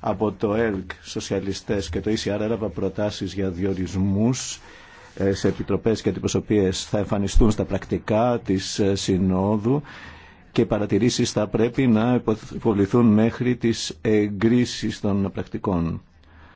από το ΕΛΚ, Σοσιαλιστές και το ECR έλαβα προτάσεις για διορισμούς ε, σε επιτροπές και αντιπροσωπείες θα εμφανιστούν στα πρακτικά της ε, Συνόδου και οι παρατηρήσεις θα πρέπει να υποβληθούν μέχρι τις εγκρίσεις των πρακτικών.